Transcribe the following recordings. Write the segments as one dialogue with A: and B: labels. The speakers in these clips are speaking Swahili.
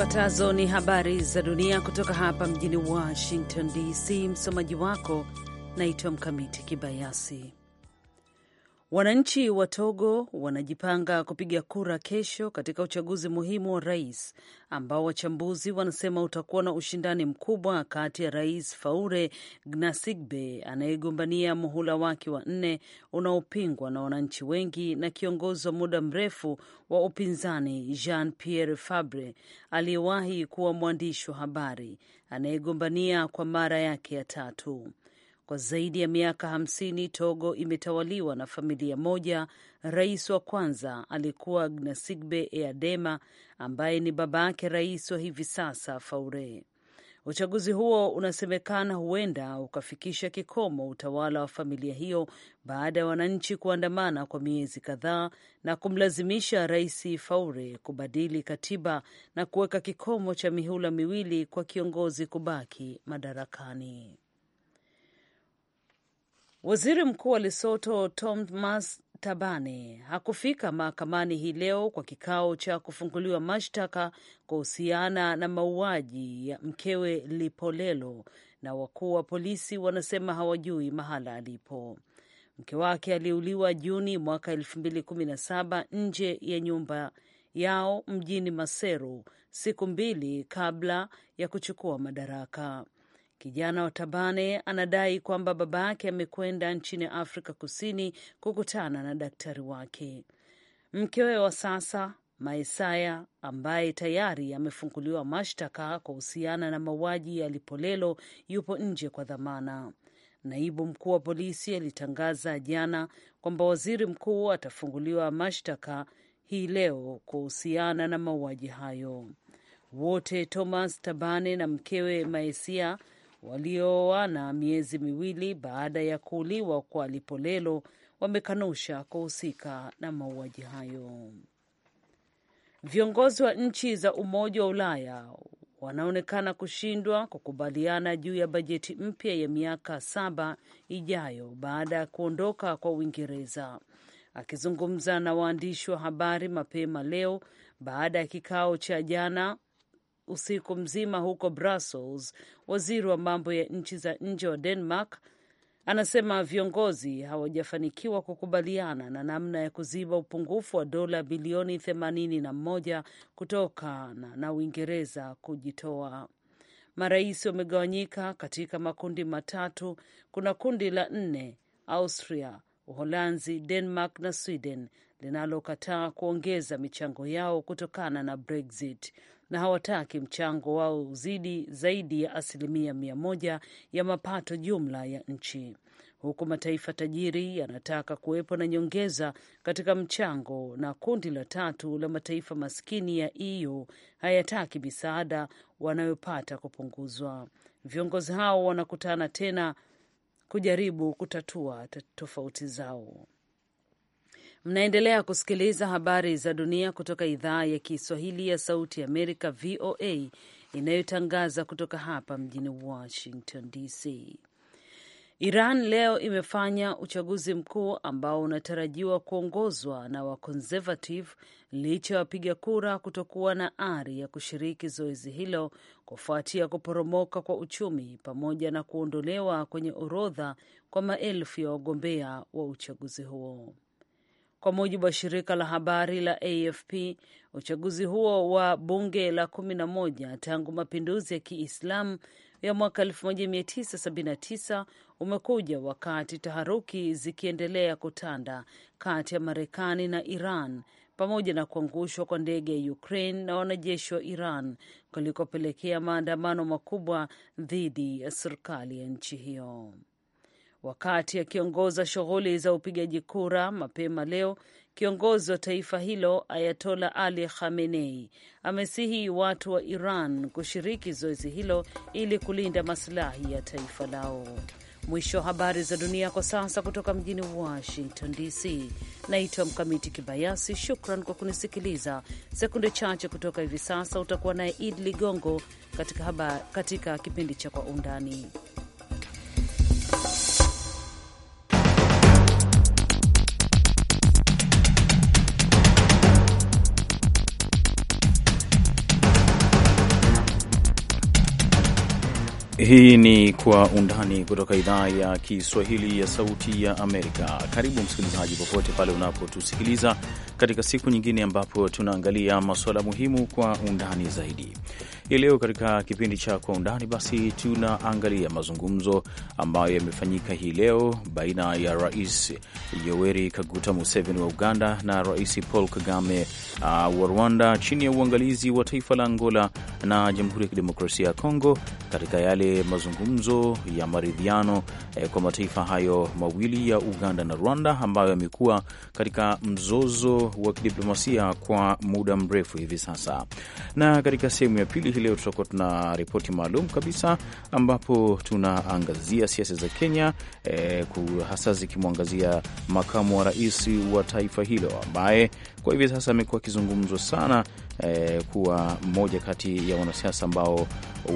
A: Zifuatazo ni habari za dunia kutoka hapa mjini Washington DC. Msomaji wako naitwa Mkamiti Kibayasi. Wananchi wa Togo wanajipanga kupiga kura kesho katika uchaguzi muhimu wa rais ambao wachambuzi wanasema utakuwa na ushindani mkubwa kati ya Rais Faure Gnassingbe anayegombania muhula wake wa nne unaopingwa na wananchi wengi na kiongozi wa muda mrefu wa upinzani Jean Pierre Fabre aliyewahi kuwa mwandishi wa habari anayegombania kwa mara yake ya tatu. Kwa zaidi ya miaka hamsini Togo imetawaliwa na familia moja. Rais wa kwanza alikuwa Gnassingbe Eyadema ambaye ni babake rais wa hivi sasa Faure. Uchaguzi huo unasemekana huenda ukafikisha kikomo utawala wa familia hiyo baada ya wananchi kuandamana kwa miezi kadhaa na kumlazimisha Rais Faure kubadili katiba na kuweka kikomo cha mihula miwili kwa kiongozi kubaki madarakani. Waziri Mkuu wa Lesoto Thomas Tabane hakufika mahakamani hii leo kwa kikao cha kufunguliwa mashtaka kuhusiana na mauaji ya mkewe Lipolelo, na wakuu wa polisi wanasema hawajui mahala alipo. Mke wake aliuliwa Juni mwaka 2017 nje ya nyumba yao mjini Maseru, siku mbili kabla ya kuchukua madaraka. Kijana wa Tabane anadai kwamba baba yake amekwenda nchini Afrika Kusini kukutana na daktari wake. Mkewe wa sasa Maesaya ambaye tayari amefunguliwa mashtaka kuhusiana na mauaji ya Lipolelo yupo nje kwa dhamana. Naibu mkuu wa polisi alitangaza jana kwamba waziri mkuu atafunguliwa mashtaka hii leo kuhusiana na mauaji hayo. Wote Thomas Tabane na mkewe Maesia na miezi miwili baada ya kuuliwa kwa Lipolelo wamekanusha kuhusika na mauaji hayo. Viongozi wa nchi za Umoja wa Ulaya wanaonekana kushindwa kukubaliana juu ya bajeti mpya ya miaka saba ijayo baada ya kuondoka kwa Uingereza. Akizungumza na waandishi wa habari mapema leo baada ya kikao cha jana usiku mzima huko Brussels. Waziri wa mambo ya nchi za nje wa Denmark anasema viongozi hawajafanikiwa kukubaliana na namna ya kuziba upungufu wa dola bilioni 81 kutokana na Uingereza kujitoa. Marais wamegawanyika katika makundi matatu. Kuna kundi la nne, Austria, Uholanzi, Denmark na Sweden linalokataa kuongeza michango yao kutokana na Brexit na hawataki mchango wao uzidi zaidi ya asilimia mia moja ya mapato jumla ya nchi, huku mataifa tajiri yanataka kuwepo na nyongeza katika mchango, na kundi la tatu la mataifa maskini ya EU hayataki misaada wanayopata kupunguzwa. Viongozi hao wanakutana tena kujaribu kutatua tofauti zao. Mnaendelea kusikiliza habari za dunia kutoka idhaa ya Kiswahili ya Sauti ya Amerika, VOA, inayotangaza kutoka hapa mjini Washington DC. Iran leo imefanya uchaguzi mkuu ambao unatarajiwa kuongozwa na wakonservative licha ya wapiga kura kutokuwa na ari ya kushiriki zoezi hilo kufuatia kuporomoka kwa uchumi pamoja na kuondolewa kwenye orodha kwa maelfu ya wagombea wa uchaguzi huo. Kwa mujibu wa shirika la habari la AFP, uchaguzi huo wa bunge la 11 tangu mapinduzi ya Kiislamu ya mwaka 1979 umekuja wakati taharuki zikiendelea kutanda kati ya Marekani na Iran pamoja na kuangushwa kwa ndege ya Ukraine na wanajeshi wa Iran kulikopelekea maandamano makubwa dhidi ya serikali ya nchi hiyo wakati akiongoza shughuli za upigaji kura mapema leo. Kiongozi wa taifa hilo Ayatola Ali Khamenei amesihi watu wa Iran kushiriki zoezi hilo ili kulinda masilahi ya taifa lao. Mwisho wa habari za dunia kwa sasa, kutoka mjini Washington DC. Naitwa Mkamiti Kibayasi. Shukran kwa kunisikiliza. Sekunde chache kutoka hivi sasa utakuwa naye id Ligongo katika, katika kipindi cha Kwa Undani.
B: Hii ni Kwa Undani kutoka idhaa ya Kiswahili ya Sauti ya Amerika. Karibu msikilizaji, popote pale unapotusikiliza katika siku nyingine ambapo tunaangalia masuala muhimu kwa undani zaidi. Hii leo katika kipindi cha Kwa Undani basi tunaangalia mazungumzo ambayo yamefanyika hii leo baina ya Rais Yoweri Kaguta Museveni wa Uganda na Rais Paul Kagame uh, wa Rwanda chini ya uangalizi wa taifa la Angola na Jamhuri ya Kidemokrasia ya Kongo katika yale mazungumzo ya maridhiano eh, kwa mataifa hayo mawili ya Uganda na Rwanda ambayo yamekuwa katika mzozo wa kidiplomasia kwa muda mrefu hivi sasa, na katika sehemu ya pili hii leo tutakuwa tuna ripoti maalum kabisa ambapo tunaangazia siasa za Kenya e, hasa zikimwangazia makamu wa rais wa taifa hilo ambaye kwa hivi sasa amekuwa akizungumzwa sana eh, kuwa mmoja kati ya wanasiasa ambao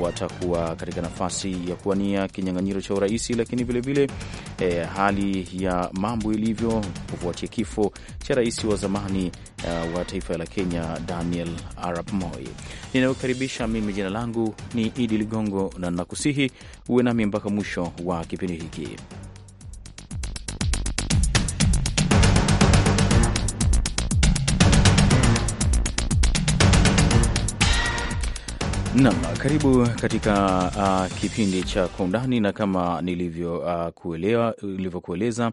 B: watakuwa katika nafasi ya kuwania kinyang'anyiro cha urais, lakini vilevile eh, hali ya mambo ilivyo kufuatia kifo cha rais wa zamani eh, wa taifa la Kenya Daniel Arap Moi. Ninayokaribisha mimi, jina langu ni Idi Ligongo, na nakusihi uwe nami mpaka mwisho wa kipindi hiki. Naam, karibu katika uh, kipindi cha Kwa Undani, na kama uh, nilivyokueleza uh,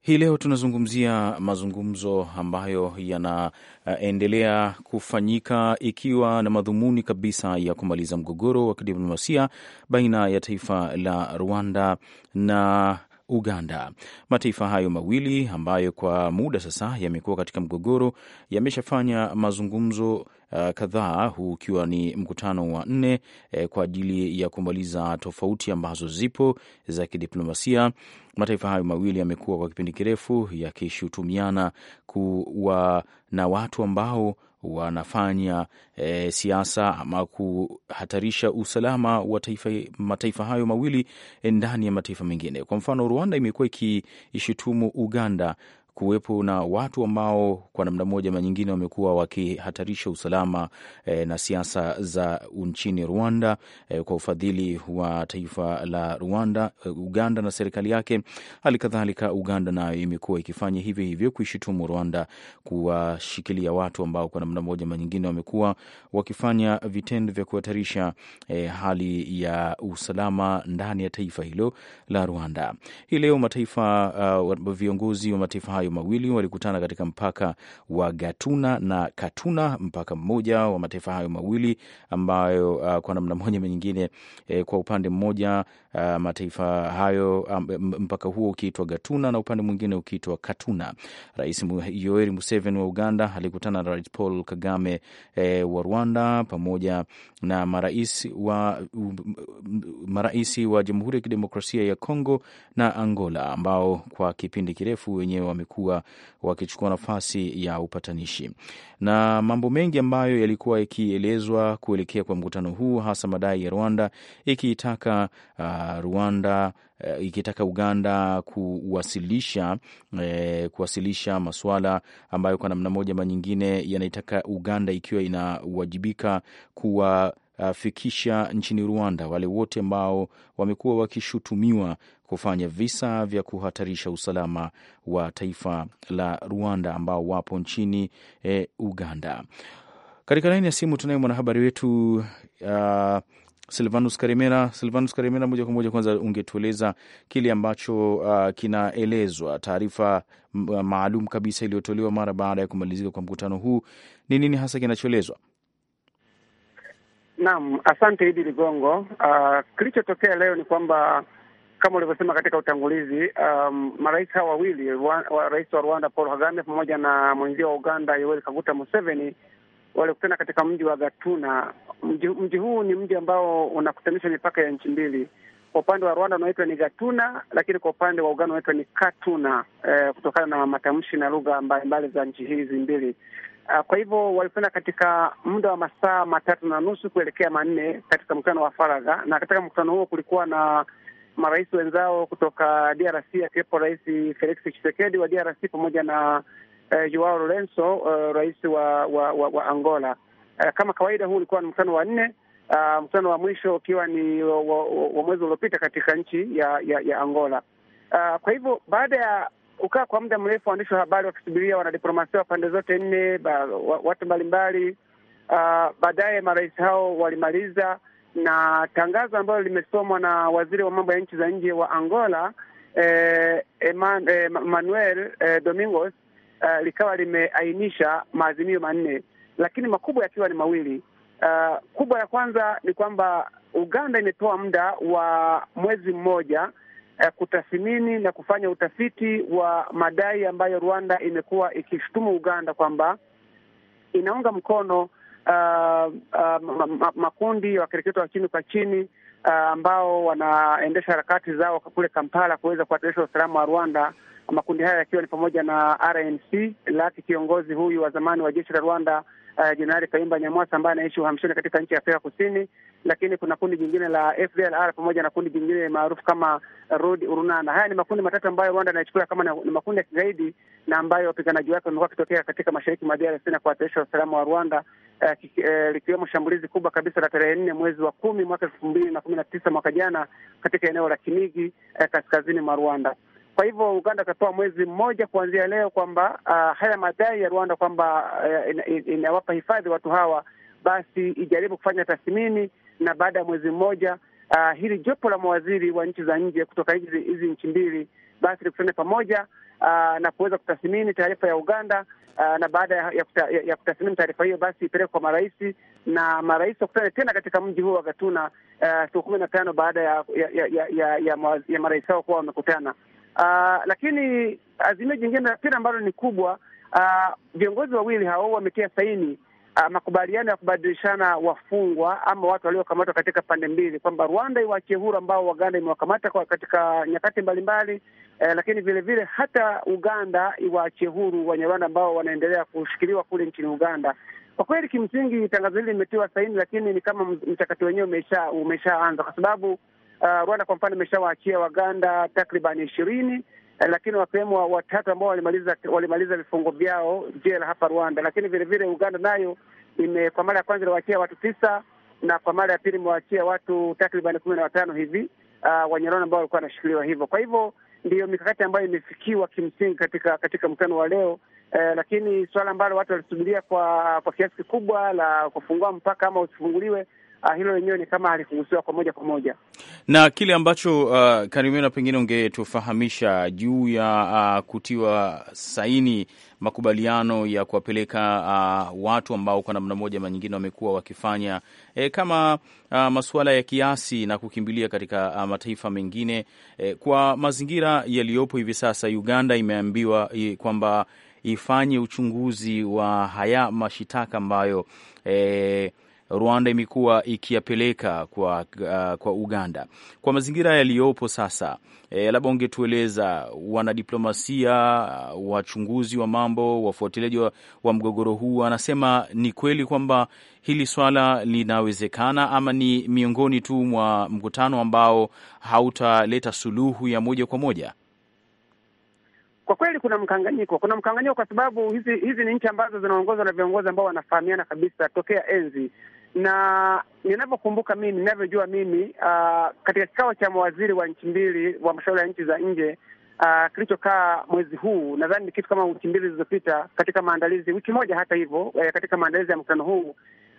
B: hii leo tunazungumzia mazungumzo ambayo yanaendelea uh, kufanyika ikiwa na madhumuni kabisa ya kumaliza mgogoro wa kidiplomasia baina ya taifa la Rwanda na Uganda. Mataifa hayo mawili ambayo kwa muda sasa yamekuwa katika mgogoro yameshafanya mazungumzo uh, kadhaa, huu ukiwa ni mkutano wa nne eh, kwa ajili ya kumaliza tofauti ambazo zipo za kidiplomasia. Mataifa hayo mawili yamekuwa kwa kipindi kirefu yakishutumiana kuwa na watu ambao wanafanya e, siasa ama kuhatarisha usalama wa taifa, mataifa hayo mawili eh, ndani ya mataifa mengine. Kwa mfano, Rwanda imekuwa ikishutumu Uganda kuwepo na watu ambao kwa namna moja ama nyingine wamekuwa wakihatarisha usalama e, na siasa za nchini Rwanda e, kwa ufadhili wa taifa la Rwanda, eh, Uganda na serikali yake. Hali kadhalika Uganda nayo imekuwa ikifanya hivyo hivyo, kuishutumu Rwanda kuwashikilia watu ambao kwa namna moja ama nyingine wamekuwa wakifanya vitendo vya kuhatarisha e, hali ya usalama ndani ya taifa hilo la Rwanda. Hii leo mataifa uh, viongozi wa mataifa hayo mawili walikutana katika mpaka wa Gatuna na Katuna, mpaka mmoja wa mataifa hayo mawili ambayo uh, kwa namna moja nyingine eh, kwa upande mmoja uh, mataifa hayo um, mpaka huo ukiitwa Gatuna na upande mwingine ukiitwa Katuna. Rais Yoweri Museveni wa Uganda alikutana na Rais Paul Kagame eh, wa Rwanda pamoja na marais wa, marais wa Jamhuri ya Kidemokrasia ya Kongo na Angola ambao kwa kipindi kirefu wenyewe wamekuwa walikuwa wakichukua nafasi ya upatanishi, na mambo mengi ambayo yalikuwa yakielezwa kuelekea kwa mkutano huu, hasa madai ya Rwanda ikitaka uh, Rwanda uh, ikitaka Uganda kuwasilisha uh, kuwasilisha masuala ambayo kwa namna moja ama nyingine yanaitaka Uganda ikiwa inawajibika kuwa kuwafikisha nchini Rwanda wale wote ambao wamekuwa wakishutumiwa kufanya visa vya kuhatarisha usalama wa taifa la Rwanda ambao wapo nchini e, Uganda. Katika laini ya simu tunaye mwanahabari wetu uh, Silvanus Karimera. Silvanus Karimera, moja kwa moja, kwanza ungetueleza kile ambacho uh, kinaelezwa, taarifa maalum kabisa iliyotolewa mara baada ya kumalizika kwa mkutano huu, ni nini hasa kinachoelezwa?
C: Naam, asante Idi Ligongo. Uh, kilichotokea leo ni kwamba kama ulivyosema katika utangulizi, um, marais hawa wawili, rais wa Rwanda Paul Kagame pamoja na mwenzia wa Uganda Yoweri Kaguta Museveni walikutana katika mji wa Gatuna. Mji, mji huu ni mji ambao unakutanisha mipaka ya nchi mbili. Kwa upande wa Rwanda unaitwa ni Gatuna, lakini kwa upande wa Uganda unaitwa ni Katuna, eh, kutokana na matamshi na lugha mbalimbali za nchi hizi mbili. Ah, kwa hivyo walifanya katika muda wa masaa matatu na nusu kuelekea manne katika mkutano wa faragha, na katika mkutano huo kulikuwa na marais wenzao kutoka DRC akiwepo Rais Felix Tshisekedi wa DRC pamoja na uh, Joao Lorenzo uh, rais wa, wa, wa, wa Angola. Uh, kama kawaida huu ulikuwa ni mkutano wa nne, uh, mkutano wa mwisho ukiwa ni wa, wa, wa mwezi uliopita katika nchi ya, ya, ya Angola. Uh, kwa hivyo baada ya kukaa kwa muda mrefu waandishi wa habari wakisubiria wanadiplomasia wa pande zote nne, watu mbalimbali uh, baadaye marais hao walimaliza na tangazo ambalo limesomwa na waziri wa mambo ya nchi za nje wa Angola eh, Eman, eh, Manuel eh, Domingos Uh, likawa limeainisha maazimio manne, lakini makubwa yakiwa ni mawili. Uh, kubwa ya kwanza ni kwamba Uganda imetoa muda wa mwezi mmoja Eh, kutathimini na kufanya utafiti wa madai ambayo Rwanda imekuwa ikishutumu Uganda kwamba inaunga mkono uh, uh, makundi ya wakereketo wa chini kwa chini uh, ambao wanaendesha harakati zao kule Kampala kuweza kuhatarisha usalama wa Rwanda, makundi haya yakiwa ni pamoja na RNC laki kiongozi huyu wa zamani wa jeshi la Rwanda uh, Jenerali kayumba Nyamwasa ambaye anaishi uhamishoni katika nchi ya Afrika Kusini, lakini kuna kundi jingine la FDLR pamoja na kundi jingine maarufu kama Rod Urunana. Haya ni makundi matatu ambayo Rwanda anayechukulia kama ni makundi ya kigaidi na ambayo wapiganaji wake wamekuwa wakitokea katika mashariki mwa DRC na kuhatarisha usalama wa Rwanda uh, uh, likiwemo uh, shambulizi kubwa kabisa la tarehe nne mwezi wa kumi mwaka elfu mbili na kumi na tisa mwaka jana katika eneo la Kinigi uh, kaskazini mwa Rwanda. Kwa hivyo Uganda akatoa mwezi mmoja kuanzia leo kwamba uh, haya madai ya Rwanda kwamba uh, inawapa hifadhi watu hawa, basi ijaribu kufanya tathmini na baada ya mwezi mmoja uh, hili jopo la mawaziri wa nchi za nje kutoka hizi nchi mbili basi likutane pamoja uh, na kuweza kutathmini taarifa ya Uganda uh, na baada ya, ya, ya, ya kutathmini taarifa hiyo basi ipelekwe kwa marais na marais wakutane tena katika mji huo wa Gatuna uh, siku kumi na tano baada ya, ya, ya, ya, ya, ya marais hao kuwa wamekutana. Uh, lakini azimio ah, jingine pia ambalo ni kubwa, ah, viongozi wawili hao wametia saini uh, makubaliano ya kubadilishana wafungwa ama watu waliokamatwa katika pande mbili, kwamba Rwanda iwaachie huru ambao Uganda imewakamata katika nyakati mbalimbali uh, lakini vile vile hata Uganda iwaachie huru Wanyarwanda ambao wanaendelea kushikiliwa kule nchini Uganda. Kwa kweli kimsingi tangazo hili limetiwa saini, lakini ni kama mchakato wenyewe umeshaanza umesha, kwa sababu Rwanda ah, kwa mfano imeshawaachia Waganda takriban ishirini eh, lakini wakiwemo watatu ambao walimaliza walimaliza vifungo vyao jela hapa Rwanda. Lakini vile vile Uganda nayo ime kwa mara ya kwanza iliwaachia watu tisa na kwa mara ya pili imewaachia watu takriban kumi na watano hivi uh, Wanyarwanda ambao walikuwa wanashikiliwa hivyo. Kwa hivyo ndiyo mikakati ambayo imefikiwa kimsingi katika katika mkutano wa leo eh, lakini suala ambalo watu walisubiria kwa kwa kiasi kikubwa la kufungua mpaka ama usifunguliwe uh, hilo lenyewe ni kama halikugusiwa kwa moja kwa moja
B: na kile ambacho uh, Karimera, pengine ungetufahamisha juu ya uh, kutiwa saini makubaliano ya kuwapeleka uh, watu ambao kwa namna moja ama nyingine wamekuwa wakifanya e, kama uh, masuala ya kiasi na kukimbilia katika uh, mataifa mengine e, kwa mazingira yaliyopo hivi sasa, Uganda imeambiwa kwamba ifanye uchunguzi wa haya mashitaka ambayo e, Rwanda imekuwa ikiyapeleka kwa, uh, kwa Uganda. Kwa mazingira yaliyopo sasa, e, labda ungetueleza wanadiplomasia, uh, wachunguzi wa mambo, wafuatiliaji wa, wa mgogoro huu wanasema ni kweli kwamba hili swala linawezekana ama ni miongoni tu mwa mkutano ambao hautaleta suluhu ya moja kwa moja?
C: Kwa kweli kuna mkanganyiko, kuna mkanganyiko kwa sababu hizi hizi ni nchi ambazo zinaongozwa na viongozi ambao wanafahamiana kabisa tokea enzi na ninavyokumbuka mimi, ninavyojua mimi uh, katika kikao cha mawaziri wa nchi mbili wa mashauri ya nchi za nje uh, kilichokaa mwezi huu, nadhani ni kitu kama wiki mbili zilizopita, katika maandalizi, wiki moja hata hivyo, eh, katika maandalizi ya mkutano huu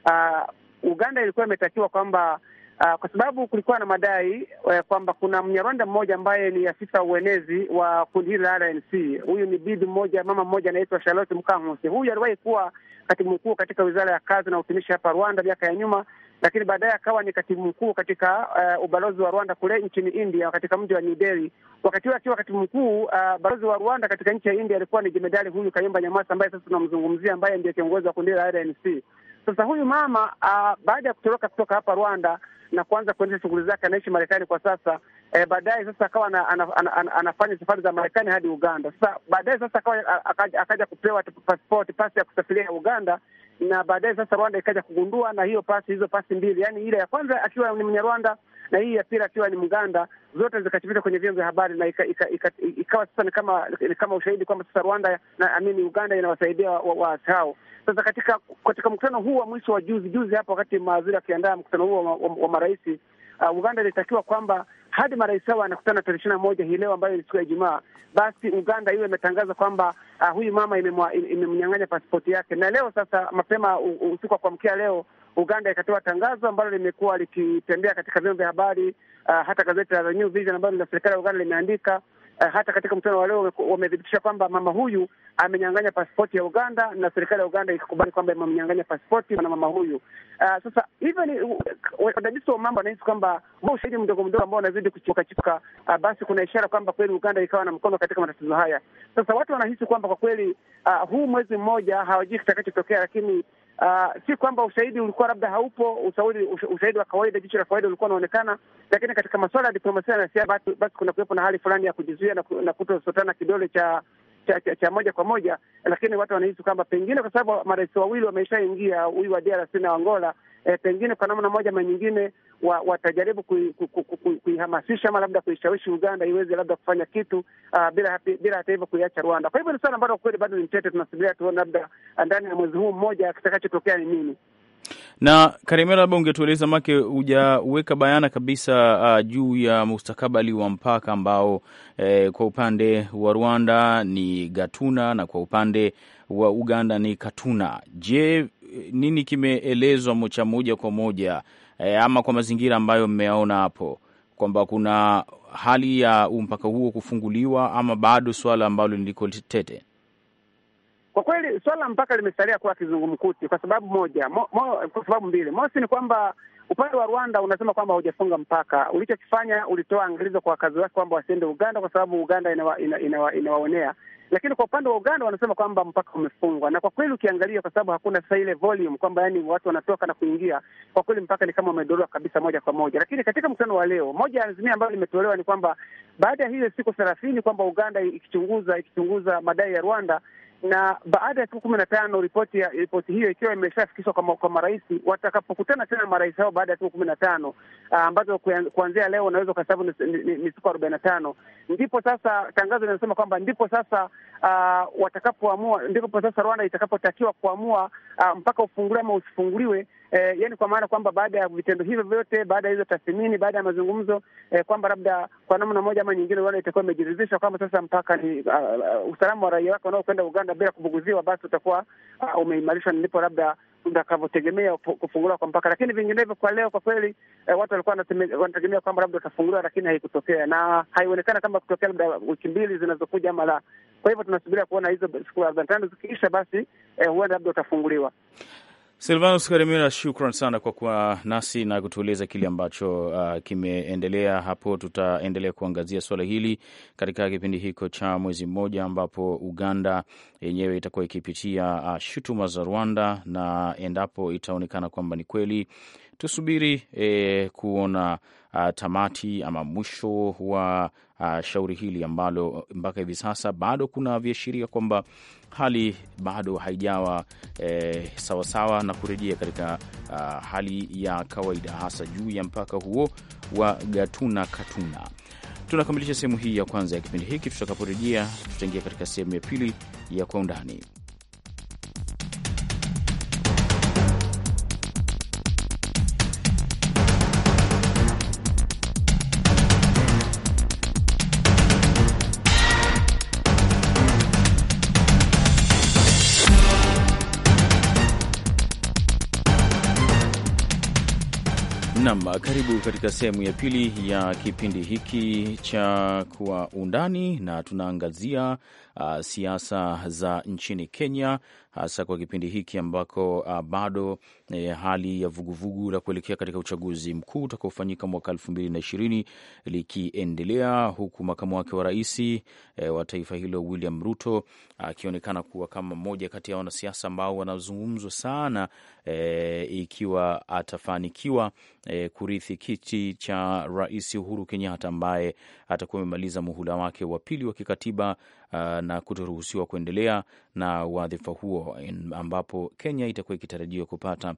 C: uh, Uganda ilikuwa imetakiwa kwamba Uh, kwa sababu kulikuwa na madai uh, kwamba kuna Mnyarwanda mmoja ambaye ni afisa uenezi wa kundi hili la RNC. Huyu ni bibi mmoja, mama mmoja anaitwa Charlotte Mukankusi. Huyu aliwahi kuwa katibu mkuu katika wizara ya kazi na utumishi hapa Rwanda miaka ya nyuma, lakini baadaye akawa ni katibu mkuu katika uh, ubalozi wa Rwanda kule nchini India katika mji wa New Delhi. Wakati huo akiwa katibu mkuu uh, balozi wa Rwanda katika nchi ya India alikuwa ni jemedali huyu Kayumba Nyamwasa ambaye sasa tunamzungumzia, ambaye ndiye kiongozi wa kundi la RNC. Sasa huyu mama uh, baada ya kutoroka kutoka hapa Rwanda na kuanza kuendesha shughuli zake. Anaishi Marekani kwa sasa e, baadaye sasa akawa ana, ana, ana, ana, anafanya safari za Marekani hadi Uganda. Sasa baadaye sasa akawa akaja, kupewa pasipoti, pasi ya kusafiria Uganda na baadaye sasa Rwanda ikaja kugundua na hiyo pasi, hizo pasi mbili, yaani ile ya kwanza akiwa ni Mnyarwanda na hii ya pili akiwa ni Mganda, zote zikachapishwa kwenye vyombo vya habari na ikawa ika, ika, ika, sasa ni kama, kama ushahidi kwamba sasa Rwanda na amini Uganda inawasaidia waasi hao sasa katika katika mkutano huu wa mwisho wa juzi juzi hapo, wakati mawaziri akiandaa mkutano huu wa, wa, wa maraisi uh, Uganda ilitakiwa kwamba hadi marais hao anakutana tarehe ishirini na moja hii leo ambayo ni siku ya Ijumaa, basi Uganda iwe imetangaza kwamba uh, huyu mama imemnyang'anya pasipoti yake, na leo sasa mapema usiku wa kuamkia leo Uganda ikatoa tangazo ambalo limekuwa likitembea katika vyombo vya habari uh, hata gazeti la New Vision ambalo la serikali ya Uganda limeandika uh, hata katika mkutano wa leo wamethibitisha kwamba mama huyu amenyang'anya pasipoti ya Uganda na serikali ya Uganda ikakubali kwamba amenyang'anya pasipoti na mama huyu. Uh, sasa even wadadisi wa mambo wanahisi kwamba ushahidi mdogo mdogo ambao unazidi kuchipukachipuka, uh, basi kuna ishara kwamba kweli Uganda ikawa na mkono katika matatizo haya. Sasa watu wanahisi kwamba kwa kweli uh, huu mwezi mmoja hawajui kitakachotokea, lakini Uh, si kwamba ushahidi ulikuwa labda haupo, ushahidi ushahidi wa kawaida, jicho la kawaida ulikuwa unaonekana, lakini katika masuala ya diplomasia na siasa basi kuna kuwepo na hali fulani ya kujizuia na, na kutosotana kidole cha cha, cha cha moja kwa moja, lakini watu wanahisi kwamba pengine kwa sababu marais wawili wameshaingia, huyu wa DRC na Angola e, pengine kwa namna moja ama nyingine wa, watajaribu kuihamasisha ama labda kuishawishi Uganda iweze labda kufanya kitu uh, bila bila hata hivyo kuiacha Rwanda. Kwa hivyo ni swala ambalo kweli bado ni mtete, tunasubiria tuone labda ah, ndani ya mwezi huu mmoja kitakachotokea ni nini.
B: Na Karimera, labda ungetueleza make hujaweka bayana kabisa uh, juu ya mustakabali wa mpaka ambao eh, kwa upande wa Rwanda ni Gatuna na kwa upande wa Uganda ni Katuna. Je, nini kimeelezwa cha moja kwa moja e, ama kwa mazingira ambayo mmeyaona hapo kwamba kuna hali ya mpaka huo kufunguliwa ama bado swala ambalo liliko tete?
C: Kwa kweli swala mpaka limesalia kuwa kizungumkuti kwa sababu moja mo, mo, kwa sababu mbili. Mosi ni kwamba upande wa Rwanda unasema kwamba haujafunga mpaka. Ulichokifanya ulitoa angalizo kwa wakazi wake kwamba wasiende Uganda kwa sababu Uganda inawaonea inawa, inawa, inawa lakini kwa upande wa Uganda wanasema kwamba mpaka umefungwa, na kwa kweli ukiangalia, kwa sababu hakuna sasa ile volume kwamba yani watu wanatoka na kuingia, kwa kweli mpaka ni kama umedorora kabisa moja kwa moja. Lakini katika mkutano wa leo, moja ya azimia ambayo limetolewa ni kwamba baada ya hiyo siku thelathini kwamba Uganda ikichunguza ikichunguza madai ya Rwanda na baada ya siku kumi na tano ripoti ya ripoti hiyo ikiwa imeshafikishwa kwa, kwa marais watakapokutana tena marais hao baada ya siku kumi na tano ah, ambazo kuanzia leo unaweza ukahesabu ni siku arobaini na tano ndipo sasa tangazo linasema kwamba ndipo sasa ah, watakapoamua ndipo sasa Rwanda itakapotakiwa kuamua ah, mpaka ufunguliwe ama usifunguliwe eh, yani kwa maana kwamba baada ya vitendo hivyo vyote, baada ya hizo tathmini, baada ya mazungumzo eh, kwamba labda kwa namna moja ama nyingine, wale itakuwa imejiridhisha kwamba sasa mpaka ni uh, uh, usalama wa raia wake wanaokwenda Uganda bila kubuguziwa, basi utakuwa uh, umeimarishwa, ndipo labda utakavyotegemea kufunguliwa kwa mpaka. Lakini vinginevyo kwa leo, kwa kweli eh, watu walikuwa wanategemea kwamba labda utafunguliwa, lakini haikutokea na haionekana kama kutokea labda wiki mbili zinazokuja ama la. Kwa hivyo tunasubiria kuona hizo siku arobaini na tano zikiisha, basi eh, huenda labda utafunguliwa.
B: Silvanus Karimira, shukran sana kwa kuwa nasi na kutueleza kile ambacho uh, kimeendelea hapo. Tutaendelea kuangazia suala hili katika kipindi hiko cha mwezi mmoja, ambapo Uganda yenyewe itakuwa ikipitia uh, shutuma za Rwanda, na endapo itaonekana kwamba ni kweli, tusubiri eh, kuona uh, tamati ama mwisho wa uh, shauri hili ambalo mpaka hivi sasa bado kuna viashiria kwamba hali bado haijawa eh, sawasawa na kurejea katika uh, hali ya kawaida, hasa juu ya mpaka huo wa Gatuna Katuna. Tunakamilisha sehemu hii ya kwanza ya kipindi hiki. Tutakaporejea tutaingia katika sehemu ya pili ya Kwa Undani. Nam, karibu katika sehemu ya pili ya kipindi hiki cha Kwa Undani, na tunaangazia uh, siasa za nchini Kenya, hasa kwa kipindi hiki ambako uh, bado eh, hali ya vuguvugu la kuelekea katika uchaguzi mkuu utakaofanyika mwaka elfu mbili na ishirini likiendelea, huku makamu wake wa rais eh, wa taifa hilo William Ruto akionekana kuwa kama mmoja kati ya wanasiasa ambao wanazungumzwa sana e, ikiwa atafanikiwa e, kurithi kiti cha Rais Uhuru Kenyatta ambaye atakuwa amemaliza muhula wake wa pili wa kikatiba uh, na kutoruhusiwa kuendelea na wadhifa huo, ambapo Kenya itakuwa ikitarajiwa kupata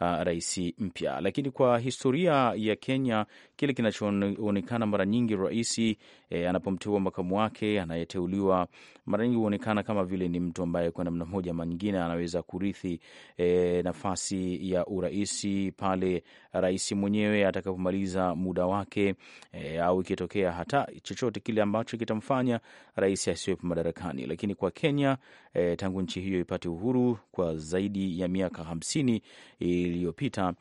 B: uh, rais mpya. Lakini kwa historia ya Kenya, kile kinachoonekana mara nyingi rais eh, anapomteua makamu wake anayeteuliwa, mara nyingi huonekana kama vile ni mtu ambaye kwa namna moja ama nyingine anaweza kurithi eh, nafasi ya uraisi pale rais mwenyewe atakapomaliza muda wake eh, au ikitokea hata chochote kile ambacho kitamfanya rais asiwepo madarakani. Lakini kwa Kenya e, tangu nchi hiyo ipate uhuru kwa zaidi ya miaka hamsini iliyopita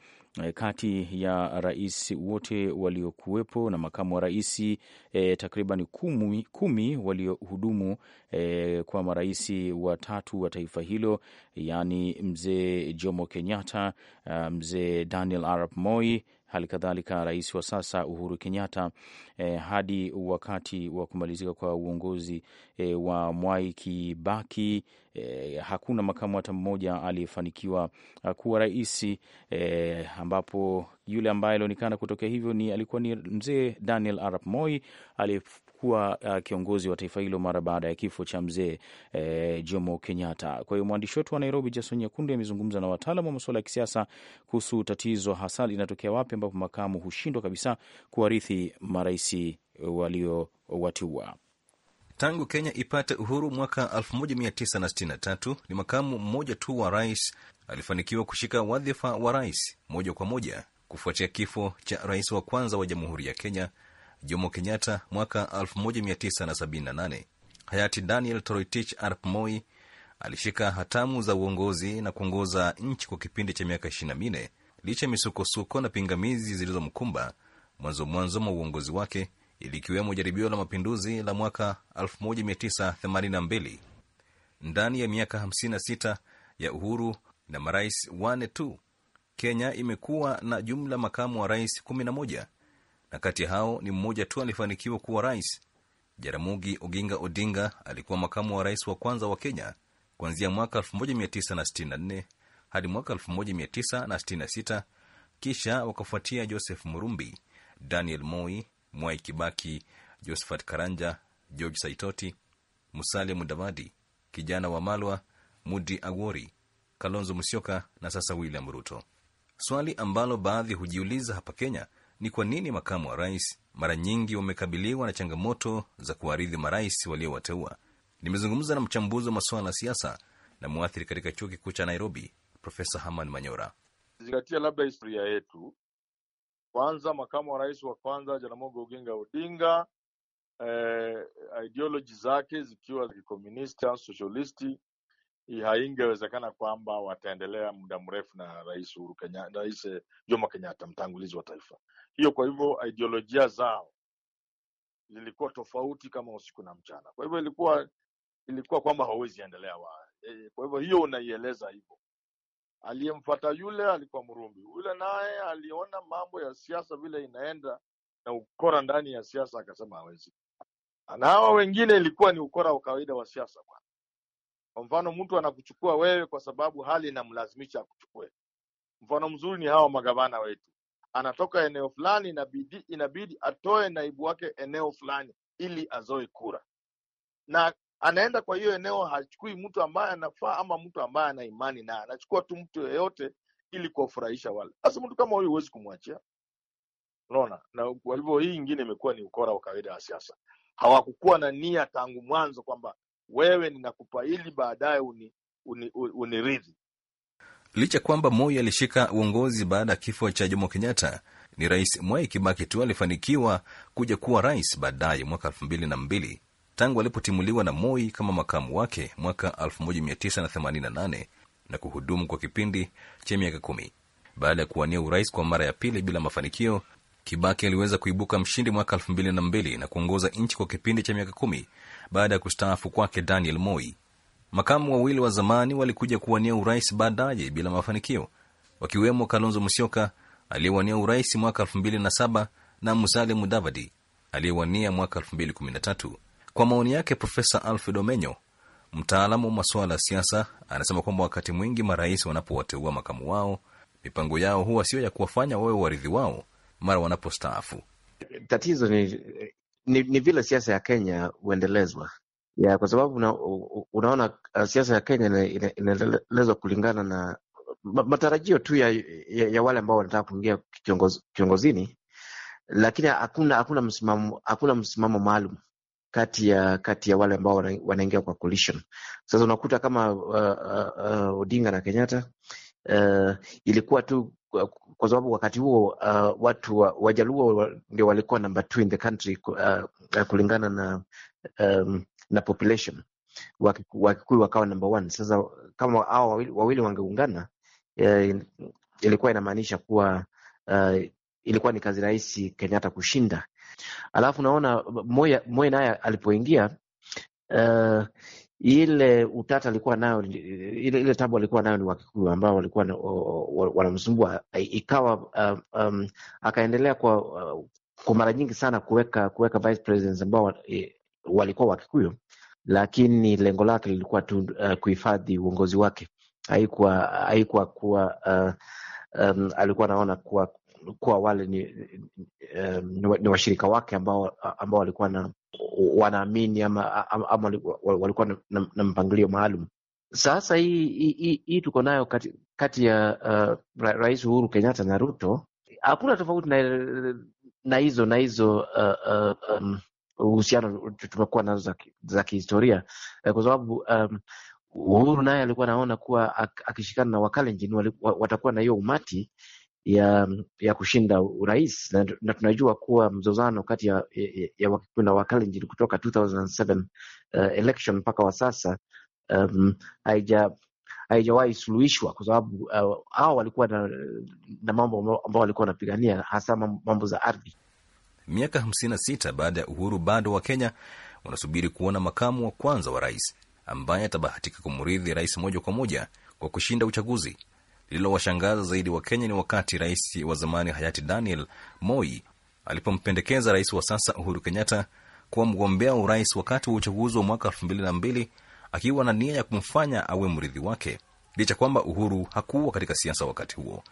B: eh, kati ya rais wote waliokuwepo na makamu wa rais e, takriban kumi, kumi waliohudumu e, kwa marais watatu wa taifa hilo, yaani mzee Jomo Kenyatta, mzee Daniel Arap Moi hali kadhalika rais wa sasa Uhuru Kenyatta eh, hadi wakati wa kumalizika kwa uongozi eh, wa Mwai Kibaki eh, hakuna makamu hata mmoja aliyefanikiwa eh, kuwa rais eh, ambapo yule ambaye alionekana kutokea hivyo ni alikuwa ni mzee Daniel Arap Moi aliye kuwa uh, kiongozi wa taifa hilo mara baada ya kifo cha mzee eh, Jomo Kenyatta. Kwa hiyo mwandishi wetu wa Nairobi Jason Nyakundi amezungumza na wataalam wa masuala ya kisiasa kuhusu tatizo hasa linatokea wapi ambapo makamu hushindwa kabisa kuwarithi marais waliowateua.
D: Tangu Kenya ipate uhuru mwaka 1963 ni makamu mmoja tu wa rais alifanikiwa kushika wadhifa wa rais moja kwa moja kufuatia kifo cha rais wa kwanza wa jamhuri ya Kenya Jomo Kenyatta mwaka 1978. Hayati Daniel Toroitich Arap Moi alishika hatamu za uongozi na kuongoza nchi kwa kipindi cha miaka 24 licha ya misukosuko na pingamizi zilizomkumba mwanzo mwanzo mwa uongozi wake, ilikiwemo jaribio la mapinduzi la mwaka 1982. Ndani ya miaka 56 ya uhuru na marais wane tu, Kenya imekuwa na jumla makamu wa rais 11 na kati ya hao ni mmoja tu alifanikiwa kuwa rais. Jaramogi Oginga Odinga alikuwa makamu wa rais wa kwanza wa Kenya kuanzia mwaka 1964 hadi mwaka 1966. Kisha wakafuatia Joseph Murumbi, Daniel Moi, Mwai Kibaki, Josephat Karanja, George Saitoti, Musalia Mudavadi, kijana wa Malwa, Mudi agori Kalonzo Musyoka na sasa William Ruto. Swali ambalo baadhi hujiuliza hapa Kenya ni kwa nini makamu wa rais mara nyingi wamekabiliwa na changamoto za kuwaridhi marais waliowateua. Nimezungumza na mchambuzi wa masuala ya siasa na mwathiri katika chuo kikuu cha Nairobi, Profesa Haman Manyora.
E: Zingatia labda historia yetu kwanza. Makamu wa rais wa kwanza Jaramogi Oginga Odinga, eh, ideoloji zake zikiwa kikomunisti au sosialisti haingewezekana kwamba wataendelea muda mrefu na rais Uhuru Kenyatta, rais eh, Jomo Kenyatta, mtangulizi wa taifa hiyo. Kwa hivyo ideolojia zao zilikuwa tofauti kama usiku na mchana, kwa hivyo ilikuwa ilikuwa kwamba hawezi endelea wa eh, kwa hivyo hiyo unaieleza hivyo. Aliyemfuata yule alikuwa Murumbi, yule naye aliona mambo ya siasa vile inaenda na ukora ndani ya siasa, akasema hawezi. Na hawa wengine ilikuwa ni ukora wa kawaida wa siasa bwana kwa mfano, mtu anakuchukua wewe kwa sababu hali inamlazimisha akuchukue. Mfano mzuri ni hawa magavana wetu, anatoka eneo fulani, inabidi inabidi atoe naibu wake eneo fulani ili azoe kura, na anaenda kwa hiyo eneo, hachukui mtu ambaye anafaa ama mtu ambaye ana imani naye, anachukua tu mtu yeyote ili kuwafurahisha wale. Sasa mtu kama huyu huwezi kumwachia, unaona. Na kwa hivyo hii ingine imekuwa ni ukora wa kawaida wa siasa, hawakukuwa na nia tangu mwanzo kwamba wewe ninakupa ili baadaye uniridhi uni, uni
D: licha kwamba Moi alishika uongozi baada ya kifo cha Jomo Kenyatta, ni Rais Mwai Kibaki tu alifanikiwa kuja kuwa rais baadaye mwaka elfu mbili na mbili. Tangu alipotimuliwa na Moi kama makamu wake mwaka 1988 na, na kuhudumu kwa kipindi cha miaka kumi. Baada ya kuwania urais kwa mara ya pili bila mafanikio, Kibaki aliweza kuibuka mshindi mwaka 2002 na kuongoza nchi kwa kipindi cha miaka kumi baada ya kustaafu kwake Daniel Moi. Makamu wawili wa zamani walikuja kuwania urais baadaye bila mafanikio, wakiwemo Kalonzo Musyoka aliyewania urais mwaka 2007 na Musalia Mudavadi aliyewania mwaka 2013. Kwa maoni yake, Profesa Alfred Omenyo, mtaalamu wa masuala ya siasa, anasema kwamba wakati mwingi marais wanapowateua makamu wao, mipango yao huwa sio
F: ya kuwafanya wawe warithi wao mara wanapostaafu. Tatizo ni ni, ni vile siasa ya Kenya huendelezwa ya, kwa sababu una, unaona uh, siasa ya Kenya inaendelezwa kulingana na matarajio tu ya, ya, ya wale ambao wanataka kuingia kiongozini, lakini hakuna hakuna msimamo hakuna msimamo maalum kati ya kati ya wale ambao wanaingia kwa coalition. Sasa unakuta kama uh, uh, uh, Odinga na Kenyatta uh, ilikuwa tu kwa sababu wakati huo uh, watu wa, Wajaluo ndio walikuwa number two in the country uh, kulingana na um, na population. Wakikuyu wakawa number one. Sasa kama hao wawili wangeungana uh, ilikuwa inamaanisha kuwa uh, ilikuwa ni kazi rahisi Kenyatta kushinda. Alafu naona Moi naye alipoingia uh, ile utata alikuwa nayo, ile, ile tabu alikuwa nayo ni Wakikuyu ambao walikuwa wanamsumbua, ikawa um, um, akaendelea kwa uh, kwa mara nyingi sana kuweka kuweka vice presidents ambao e, walikuwa Wakikuyu, lakini lengo lake lilikuwa tu uh, kuhifadhi uongozi wake, haikuwa haikuwa kuwa uh, um, alikuwa anaona kuwa kuwa wale ni, ni, ni washirika wake ambao ambao walikuwa na wanaamini ama, ama, ama walikuwa na, na, na mpangilio maalum. Sasa hii hii, hii tuko nayo kati, kati ya uh, Rais Uhuru Kenyatta na Ruto, hakuna tofauti na, na hizo na hizo eh, eh, uhusiano uh, um, tumekuwa nazo za, za kihistoria kwa sababu um, Uhuru naye alikuwa anaona kuwa akishikana na Wakalenjin watakuwa na hiyo umati ya ya kushinda urais na, na tunajua kuwa mzozano kati ya, ya, ya Wakikuyu na Wakalenjin kutoka 2007 uh, election mpaka wa sasa um, haija haijawahi suluhishwa kwa sababu uh, hao walikuwa na, na mambo ambao walikuwa wanapigania hasa mambo za ardhi.
D: Miaka 56 baada ya uhuru, bado wa Kenya wanasubiri kuona makamu wa kwanza wa rais ambaye atabahatika kumrithi rais moja kwa moja kwa kushinda uchaguzi. Lililowashangaza zaidi wa Kenya ni wakati rais wa zamani hayati Daniel Moi alipompendekeza rais wa sasa Uhuru Kenyatta kuwa mgombea urais wakati wa uchaguzi wa mwaka elfu mbili na mbili akiwa na nia ya kumfanya awe mrithi wake, licha kwamba Uhuru hakuwa katika siasa wakati huo,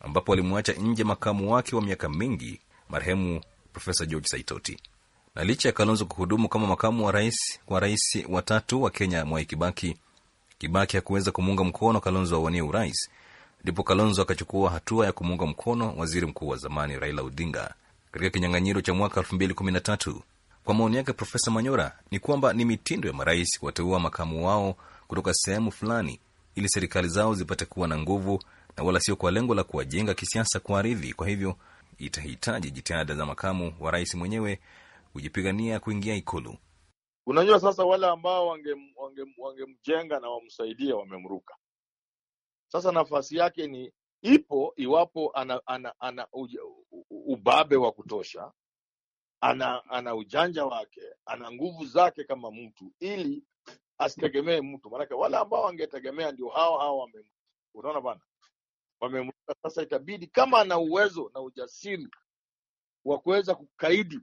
D: ambapo alimwacha nje makamu wake wa miaka mingi marehemu Profesa George Saitoti. Na licha ya Kalonzo kuhudumu kama makamu wa rais kwa rais watatu wa Kenya, Mwai Kibaki, Kibaki hakuweza kumuunga mkono Kalonzo awanie urais ndipo Kalonzo akachukua hatua ya kumuunga mkono waziri mkuu wa zamani Raila Odinga katika kinyang'anyiro cha mwaka 2013. Kwa maoni yake Profesa Manyora ni kwamba ni mitindo ya marais kuwateua makamu wao kutoka sehemu fulani ili serikali zao zipate kuwa na nguvu na wala sio kwa lengo la kuwajenga kisiasa kwa aridhi Kwa hivyo itahitaji jitihada za makamu wa rais mwenyewe kujipigania kuingia Ikulu.
E: Unajua, sasa wale ambao wangemjenga wange, wange na wamsaidia wamemruka. Sasa nafasi yake ni ipo iwapo ana, ana, ana uja, ubabe wa kutosha, ana, ana ujanja wake, ana nguvu zake kama mtu, ili asitegemee mtu, maanake wale ambao wangetegemea ndio hao hao wame, unaona bana, wamemweka sasa. Itabidi kama ana uwezo na ujasiri wa kuweza kukaidi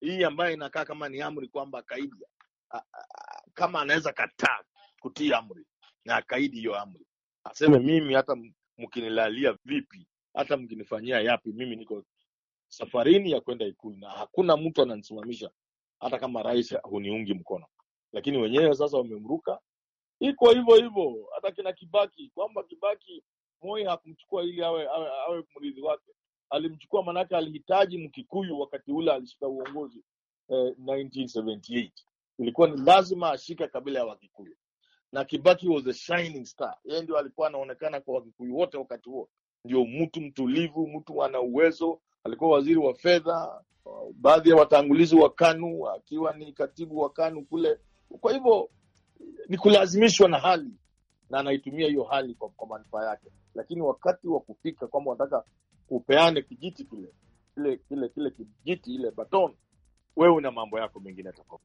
E: hii ambayo inakaa kama ni amri kwamba akaidi, kama anaweza kataa kutii amri na akaidi hiyo amri aseme mimi hata mkinilalia vipi hata mkinifanyia yapi mimi niko safarini ya kwenda ikulu na hakuna mtu ananisimamisha hata kama rais huniungi mkono lakini wenyewe sasa wamemruka iko hivyo hivyo hata kina kibaki kwamba kibaki moi hakumchukua ili awe, awe, awe mrithi wake alimchukua manake alihitaji mkikuyu wakati ule alishika uongozi eh, 1978 ilikuwa ni lazima ashike kabila ya wakikuyu na Kibaki was the shining star, yeye ndio alikuwa anaonekana kwa Wakikuyu wote wakati huo, ndio mtu mtulivu, mtu ana uwezo. Alikuwa waziri wa fedha, baadhi ya watangulizi wa KANU akiwa ni katibu wa KANU kule. Kwa hivyo ni kulazimishwa na hali, na anaitumia hiyo hali kwa, kwa manufaa yake, lakini wakati wa kufika kwamba wanataka kupeane kijiti kile kile kile kile kijiti ile baton wewe una mambo yako mengine tofauti.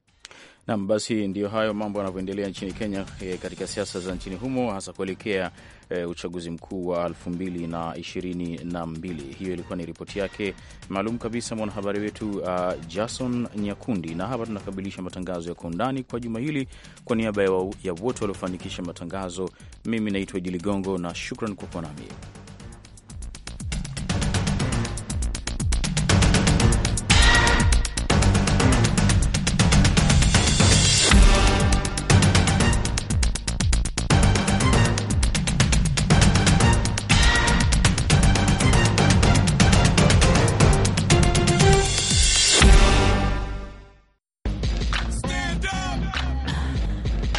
B: Naam, basi ndio hayo mambo yanavyoendelea nchini Kenya e, katika siasa za nchini humo hasa kuelekea e, uchaguzi mkuu wa elfu mbili na ishirini na mbili. Hiyo ilikuwa ni ripoti yake maalum kabisa mwanahabari wetu uh, Jason Nyakundi, na hapa tunakabilisha matangazo ya Kwa Undani kwa juma hili. Kwa niaba ya wote waliofanikisha matangazo, mimi naitwa Idi Ligongo na shukran kwa kuwa nami.